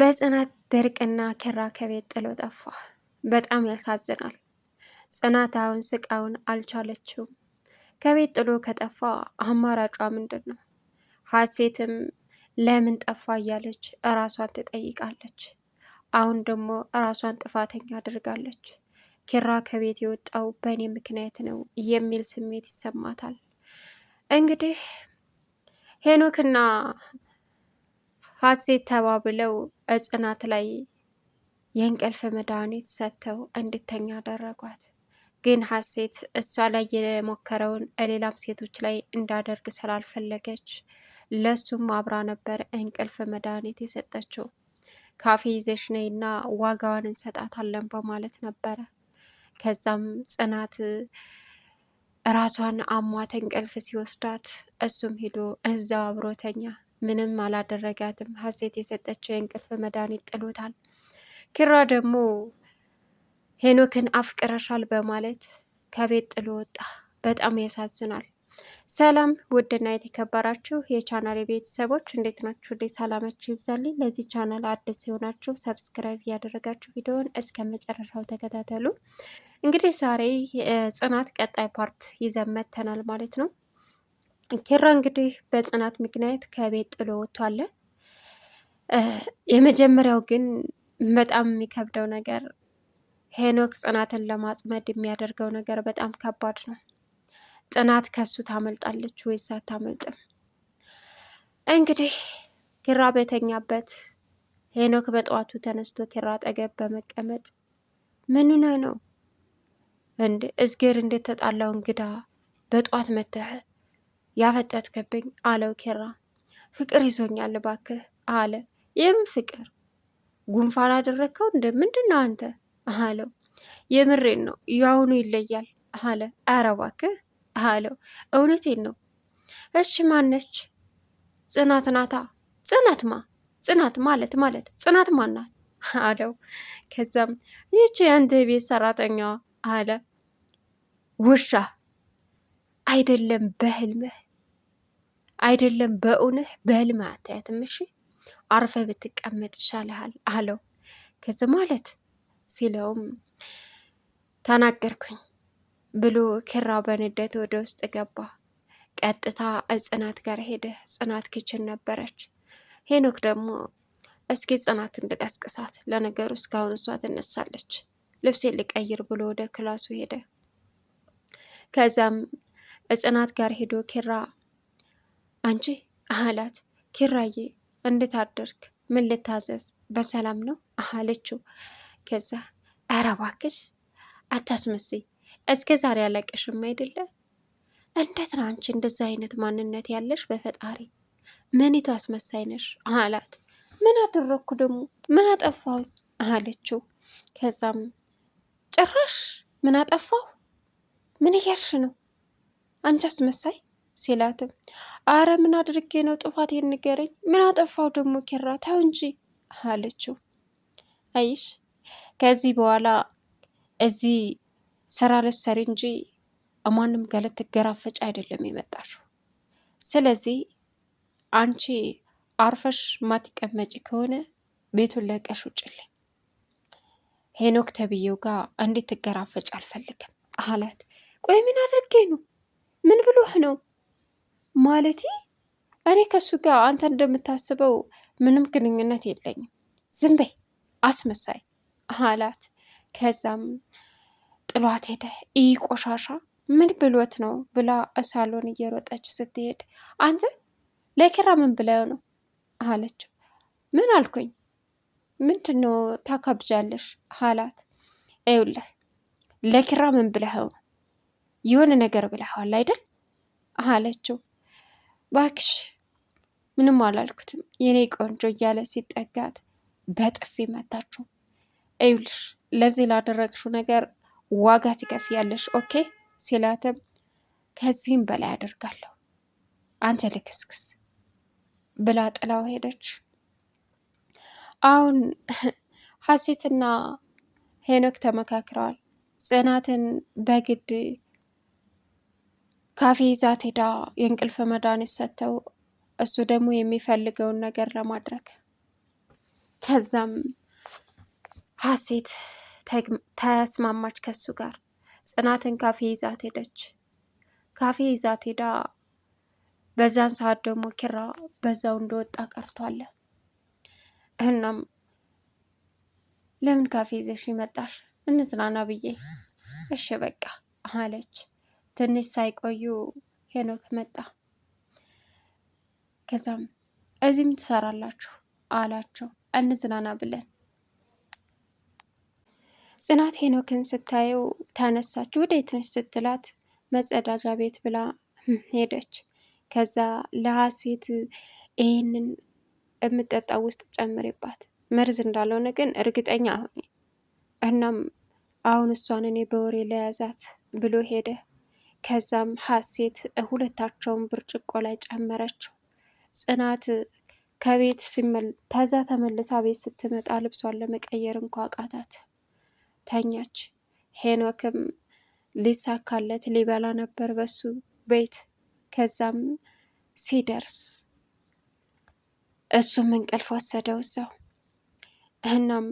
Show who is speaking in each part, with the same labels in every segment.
Speaker 1: በጽናት ድርቅና ኪራ ከቤት ጥሎ ጠፋ። በጣም ያሳዝናል። ጽናት አሁን ስቃውን አልቻለችውም። ከቤት ጥሎ ከጠፋ አማራጯ ምንድን ነው? ሀሴትም ለምን ጠፋ እያለች እራሷን ትጠይቃለች። አሁን ደግሞ እራሷን ጥፋተኛ አድርጋለች። ኪራ ከቤት የወጣው በእኔ ምክንያት ነው የሚል ስሜት ይሰማታል። እንግዲህ ሄኖክና ሀሴት ተባብለው እጽናት ላይ የእንቅልፍ መድኃኒት ሰጥተው እንድተኛ አደረጓት። ግን ሀሴት እሷ ላይ የሞከረውን ሌላም ሴቶች ላይ እንዳደርግ ስላልፈለገች ለሱም አብራ ነበር እንቅልፍ መድኃኒት የሰጠችው። ካፌ ይዘሽ ነይና ዋጋዋን እንሰጣታለን በማለት ነበረ። ከዛም ጽናት ራሷን አሟት እንቅልፍ ሲወስዳት እሱም ሄዶ እዛው አብሮተኛ ምንም አላደረጋትም። ሀሴት የሰጠችው የእንቅልፍ መድኃኒት ጥሎታል። ኪራ ደግሞ ሄኖክን አፍቅረሻል በማለት ከቤት ጥሎ ወጣ። በጣም ያሳዝናል። ሰላም ውድና የተከበራችሁ የቻናል ቤተሰቦች እንዴት ናችሁ? እንዴት ሰላማችሁ ይብዛልኝ። ለዚህ ቻናል አዲስ የሆናችሁ ሰብስክራይብ እያደረጋችሁ ቪዲዮውን እስከ መጨረሻው ተከታተሉ። እንግዲህ ዛሬ ጽናት ቀጣይ ፓርት ይዘመተናል ማለት ነው። ኪራ እንግዲህ በጽናት ምክንያት ከቤት ጥሎ ወጥቷል። የመጀመሪያው ግን በጣም የሚከብደው ነገር ሄኖክ ጽናትን ለማጽመድ የሚያደርገው ነገር በጣም ከባድ ነው። ጽናት ከሱ ታመልጣለች ወይስ አታመልጥም? እንግዲህ ኪራ በተኛበት ሄኖክ በጠዋቱ ተነስቶ ኪራ አጠገብ በመቀመጥ ምኑነ ነው እንዴ እዝጌር እንደተጣላው እንግዳ በጠዋት መተህ ያፈጠጥክብኝ አለው ኪራ። ፍቅር ይዞኛል እባክህ አለ። ይህም ፍቅር ጉንፋን አደረግከው እንደ ምንድን ነው አንተ አለው። የምሬን ነው ያውኑ ይለያል አለ። ኧረ እባክህ አለው። እውነቴን ነው። እሺ ማነች? ጽናት ናታ። ጽናት ማ ጽናት ማለት ማለት ጽናት ማናት አለው። ከዛም ይህች የአንተ ቤት ሰራተኛዋ አለ። ውሻ አይደለም በህልምህ አይደለም በእውነት በህልም አታያትም። እሺ አርፈ ብትቀመጥ ይሻልሃል አለው። ከዚ ማለት ሲለውም ተናገርኩኝ ብሎ ኪራ በንዴት ወደ ውስጥ ገባ። ቀጥታ ጽናት ጋር ሄደ። ጽናት ክችን ነበረች። ሄኖክ ደግሞ እስኪ ጽናትን ልቀስቅሳት፣ ለነገሩ እስካሁን እሷ ትነሳለች፣ ልብሴ ልቀይር ብሎ ወደ ክላሱ ሄደ። ከዛም ጽናት ጋር ሄዶ ኪራ አንቺ አህላት ኪራዬ እንዴት አደርክ? ምን ልታዘዝ? በሰላም ነው አህለችው። ከዛ ኧረ እባክሽ አታስመስይ፣ እስከ ዛሬ ያለቀሽም አይደለ? እንዴት ነው አንቺ እንደዛ አይነት ማንነት ያለሽ? በፈጣሪ ምኒቱ አስመሳይ ነሽ አህላት። ምን አደረግኩ ደግሞ ምን አጠፋው አህለችው ከዛም ጭራሽ ምን አጠፋሁ? ምን እያልሽ ነው አንቺ አስመሳይ ሲላትም አረ ምን አድርጌ ነው ጥፋት ንገረኝ፣ ምን አጠፋው ደግሞ ኪራ ተው እንጂ አለችው። አይሽ ከዚህ በኋላ እዚህ ስራ ልትሰሪ እንጂ ማንም ጋር ልትገራፈጭ አይደለም የመጣችው። ስለዚህ አንቺ አርፈሽ ማትቀመጪ ከሆነ ቤቱን ለቀሽ ውጭልኝ። ሄኖክ ተብዬው ጋር እንዴት ትገራፈጭ አልፈልግም አላት። ቆይ ምን አድርጌ ነው? ምን ብሎህ ነው? ማለቴ እኔ ከሱ ጋር አንተ እንደምታስበው ምንም ግንኙነት የለኝም፣ ዝም በይ አስመሳይ አላት። ከዛም ጥሏት ሄደ። ይህ ቆሻሻ ምን ብሎት ነው ብላ እሳሎን እየሮጠች ስትሄድ አንተ ለኪራ ምን ብለው ነው አለችው። ምን አልኩኝ? ምንድን ነው ታካብጃለሽ? አላት። ይኸውልህ ለኪራ ምን ብለኸው ነው? የሆነ ነገር ብለኸዋል አይደል? አለችው። ባክሽ ምንም አላልኩትም የኔ ቆንጆ እያለ ሲጠጋት በጥፊ መታችሁ። እዩልሽ ለዚህ ላደረግሽው ነገር ዋጋ ትከፍያለሽ፣ ኦኬ ሲላትም ከዚህም በላይ አደርጋለሁ አንተ ልክስክስ ብላ ጥላው ሄደች። አሁን ሀሴትና ሄኖክ ተመካክረዋል። ጽናትን በግድ ካፌ ይዛት ሄዳ የእንቅልፍ መድኃኒት ሰጥተው እሱ ደግሞ የሚፈልገውን ነገር ለማድረግ ከዛም ሀሴት ተስማማች ከሱ ጋር። ጽናትን ካፌ ይዛት ሄደች። ካፌ ይዛት ሄዳ በዛን ሰዓት ደግሞ ኪራ በዛው እንደወጣ ቀርቷል። እናም ለምን ካፌ ይዘሽ ይመጣሽ? እንዝናና ብዬ እሺ በቃ አለች። ትንሽ ሳይቆዩ ሄኖክ መጣ። ከዛም እዚህም ትሰራላችሁ አላቸው እንዝናና ብለን ጽናት ሄኖክን ስታየው ተነሳች። ወደ ነች ስትላት መጸዳጃ ቤት ብላ ሄደች። ከዛ ለሀሴት ይህንን የምጠጣ ውስጥ ጨምሬባት መርዝ እንዳልሆነ ግን እርግጠኛ አሁን እናም አሁን እሷን እኔ በወሬ ለያዛት ብሎ ሄደ። ከዛም ሀሴት ሁለታቸውን ብርጭቆ ላይ ጨመረችው። ጽናት ከቤት ሲመል ተዛ ተመልሳ ቤት ስትመጣ ልብሷን ለመቀየር እንኳ አቃታት። ተኛች። ሄኖክም ሊሳካለት ሊበላ ነበር በሱ ቤት። ከዛም ሲደርስ እሱም እንቅልፍ ወሰደው እዛው። እናም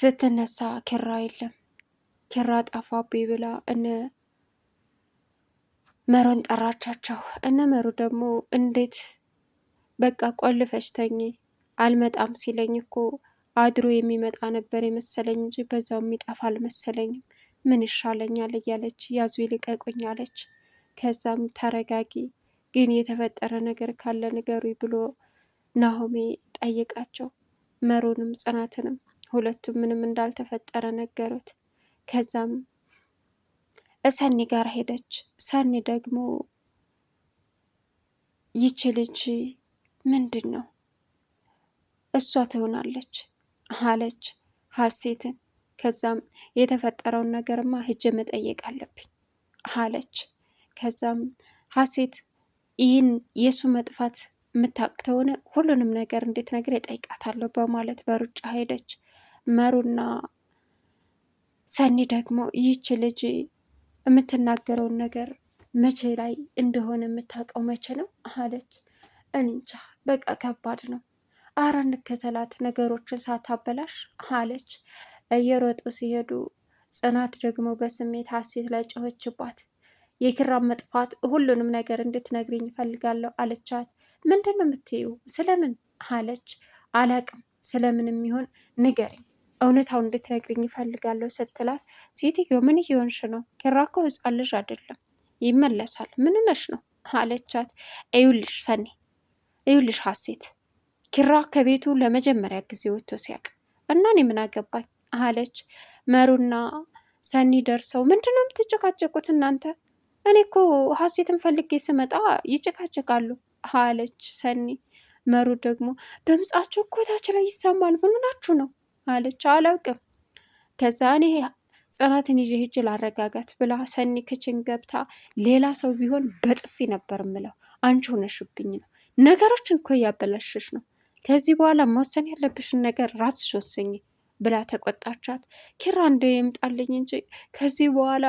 Speaker 1: ስትነሳ ኪራ የለም። ኪራ ጠፋብኝ ብላ እነ መሮን ጠራቻቸው። እነ መሩ ደግሞ እንዴት በቃ ቆልፈሽ ተኝ አልመጣም ሲለኝ እኮ አድሮ የሚመጣ ነበር የመሰለኝ እንጂ በዛው የሚጠፋ አልመሰለኝም። ምን ይሻለኛል እያለች ያዙ ይልቀቁኝ አለች። ከዛም ተረጋጊ፣ ግን የተፈጠረ ነገር ካለ ንገሩ ብሎ ናሆሜ ጠይቃቸው። መሮንም ጽናትንም ሁለቱም ምንም እንዳልተፈጠረ ነገሩት። ከዛም ሰኒ ጋር ሄደች። ሰኒ ደግሞ ይቺ ልጅ ምንድን ነው እሷ ትሆናለች አለች ሀሴትን። ከዛም የተፈጠረውን ነገርማ ህጀ መጠየቅ አለብኝ አለች። ከዛም ሀሴት ይህን የእሱ መጥፋት የምታውቅ ተሆነ ሁሉንም ነገር እንዴት ነገር እጠይቃታለሁ በማለት በሩጫ ሄደች። መሩና ሰኒ ደግሞ ይህች ልጅ የምትናገረውን ነገር መቼ ላይ እንደሆነ የምታውቀው መቼ ነው አለች። እንጃ በቃ ከባድ ነው። አረ እንከተላት ነገሮችን ሳታበላሽ አለች። እየሮጡ ሲሄዱ ጽናት ደግሞ በስሜት ሀሴት ላይ ጮኸችባት። የኪራን መጥፋት ሁሉንም ነገር እንድትነግሪኝ እፈልጋለሁ አለቻት። ምንድን ነው የምትይው? ስለምን አለች። አላቅም ስለምን የሚሆን ንገሪኝ እውነታው እንድትነግርኝ ይፈልጋለሁ ስትላት ሴትዮ ምን እየሆንሽ ነው? ኪራ እኮ ህፃን ልጅ አይደለም ይመለሳል። ምን ነሽ ነው አለቻት። እዩልሽ ሰኒ፣ እዩልሽ ሀሴት፣ ኪራ ከቤቱ ለመጀመሪያ ጊዜ ወጥቶ ሲያውቅ እና እኔ ምን አገባኝ አለች። መሩና ሰኒ ደርሰው ምንድን ነው የምትጨቃጨቁት እናንተ? እኔ እኮ ሀሴትን ፈልጌ ስመጣ ይጨቃጨቃሉ አለች ሰኒ። መሩ ደግሞ ድምጻችሁ እኮ ታች ላይ ይሰማል፣ ምኑ ናችሁ ነው አለች። አላውቅም። ከዛ እኔ ጽናትን ይዤ ሂጅ ላረጋጋት ብላ ሰኒ ክችን ገብታ ሌላ ሰው ቢሆን በጥፊ ነበር ምለው። አንቺ ሆነሽብኝ ነው ነገሮችን እኮ እያበላሸሽ ነው። ከዚህ በኋላ መወሰን ያለብሽን ነገር ራስሽ ወሰኝ ብላ ተቆጣቻት። ኪራ እንደ ይምጣልኝ እንጂ ከዚህ በኋላ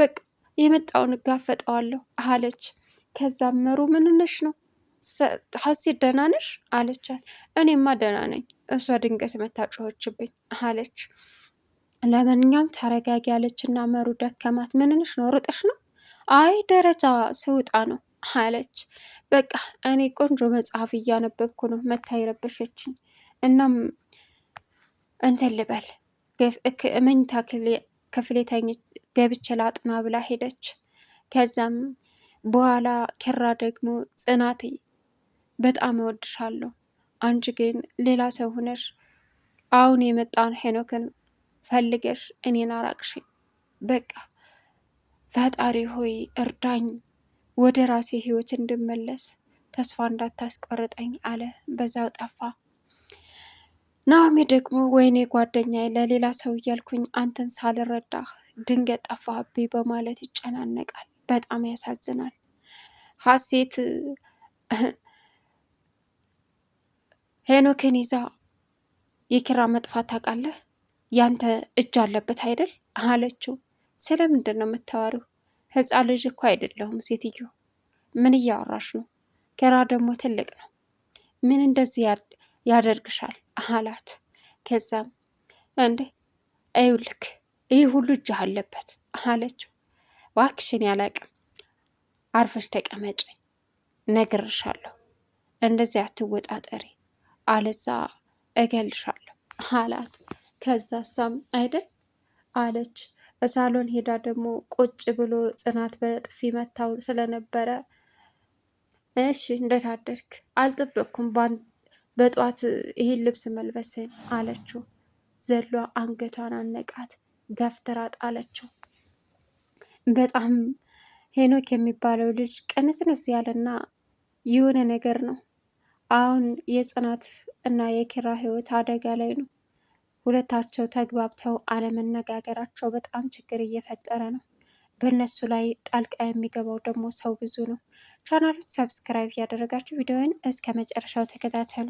Speaker 1: በቃ የመጣውን እጋፈጠዋለሁ አለች። ከዛ መሩ ምንነሽ ነው ሀሴት ደህና ነሽ አለቻት። እኔማ ደህና ነኝ፣ እሷ ድንገት መታጮኸችብኝ አለች። ለማንኛውም ተረጋጊ አለችና መሩ ደከማት። ምንንሽ ነው ርጥሽ ነው? አይ ደረጃ ስውጣ ነው አለች። በቃ እኔ ቆንጆ መጽሐፍ እያነበብኩ ነው መታ የረበሸችኝ። እናም እንትን ልበል መኝታ ክፍሌ ገብቼ ላጥና ብላ ሄደች። ከዛም በኋላ ኪራ ደግሞ ጽናት በጣም እወድሻለሁ። አንቺ ግን ሌላ ሰው ሆነሽ አሁን የመጣን ሄኖክን ፈልገሽ እኔን አራቅሽኝ። በቃ ፈጣሪ ሆይ እርዳኝ፣ ወደ ራሴ ህይወት እንድመለስ ተስፋ እንዳታስቆርጠኝ አለ። በዛው ጠፋ። ናኦሚ ደግሞ ወይኔ ጓደኛዬ፣ ለሌላ ሰው እያልኩኝ አንተን ሳልረዳህ ድንገት ጠፋህብኝ በማለት ይጨናነቃል። በጣም ያሳዝናል። ሀሴት ሄኖክን ይዛ የኪራ መጥፋት ታውቃለህ? ያንተ እጅ አለበት አይደል አለችው። ስለምንድን ነው የምታወሪው? ህፃን ልጅ እኮ አይደለሁም ሴትዮ። ምን እያወራሽ ነው? ኪራ ደግሞ ትልቅ ነው። ምን እንደዚህ ያደርግሻል አላት። ከዛም እንዴ አይውልክ ይህ ሁሉ እጅ አለበት አለችው። ዋክሽን ያላቅም አርፈሽ ተቀመጪ፣ ነግርሻለሁ። እንደዚህ አትወጣጠሪ አለዛ እገልሻለሁ አላት። ከዛ እሷም አይደል አለች። ሳሎን ሄዳ ደግሞ ቁጭ ብሎ ጽናት በጥፊ መታው ስለነበረ እሺ እንዴት አደርክ? አልጠበቅኩም በጠዋት ይሄን ልብስ መልበስን አለችው። ዘሏ አንገቷን አነቃት፣ ገፍትራ ጣለችው። በጣም ሄኖክ የሚባለው ልጅ ቅንስንስ ያለና የሆነ ነገር ነው አሁን የጽናት እና የኪራ ህይወት አደጋ ላይ ነው። ሁለታቸው ተግባብተው አለመነጋገራቸው በጣም ችግር እየፈጠረ ነው። በእነሱ ላይ ጣልቃ የሚገባው ደግሞ ሰው ብዙ ነው። ቻናሉን ሰብስክራይብ እያደረጋችሁ ቪዲዮውን እስከ መጨረሻው ተከታተሉ።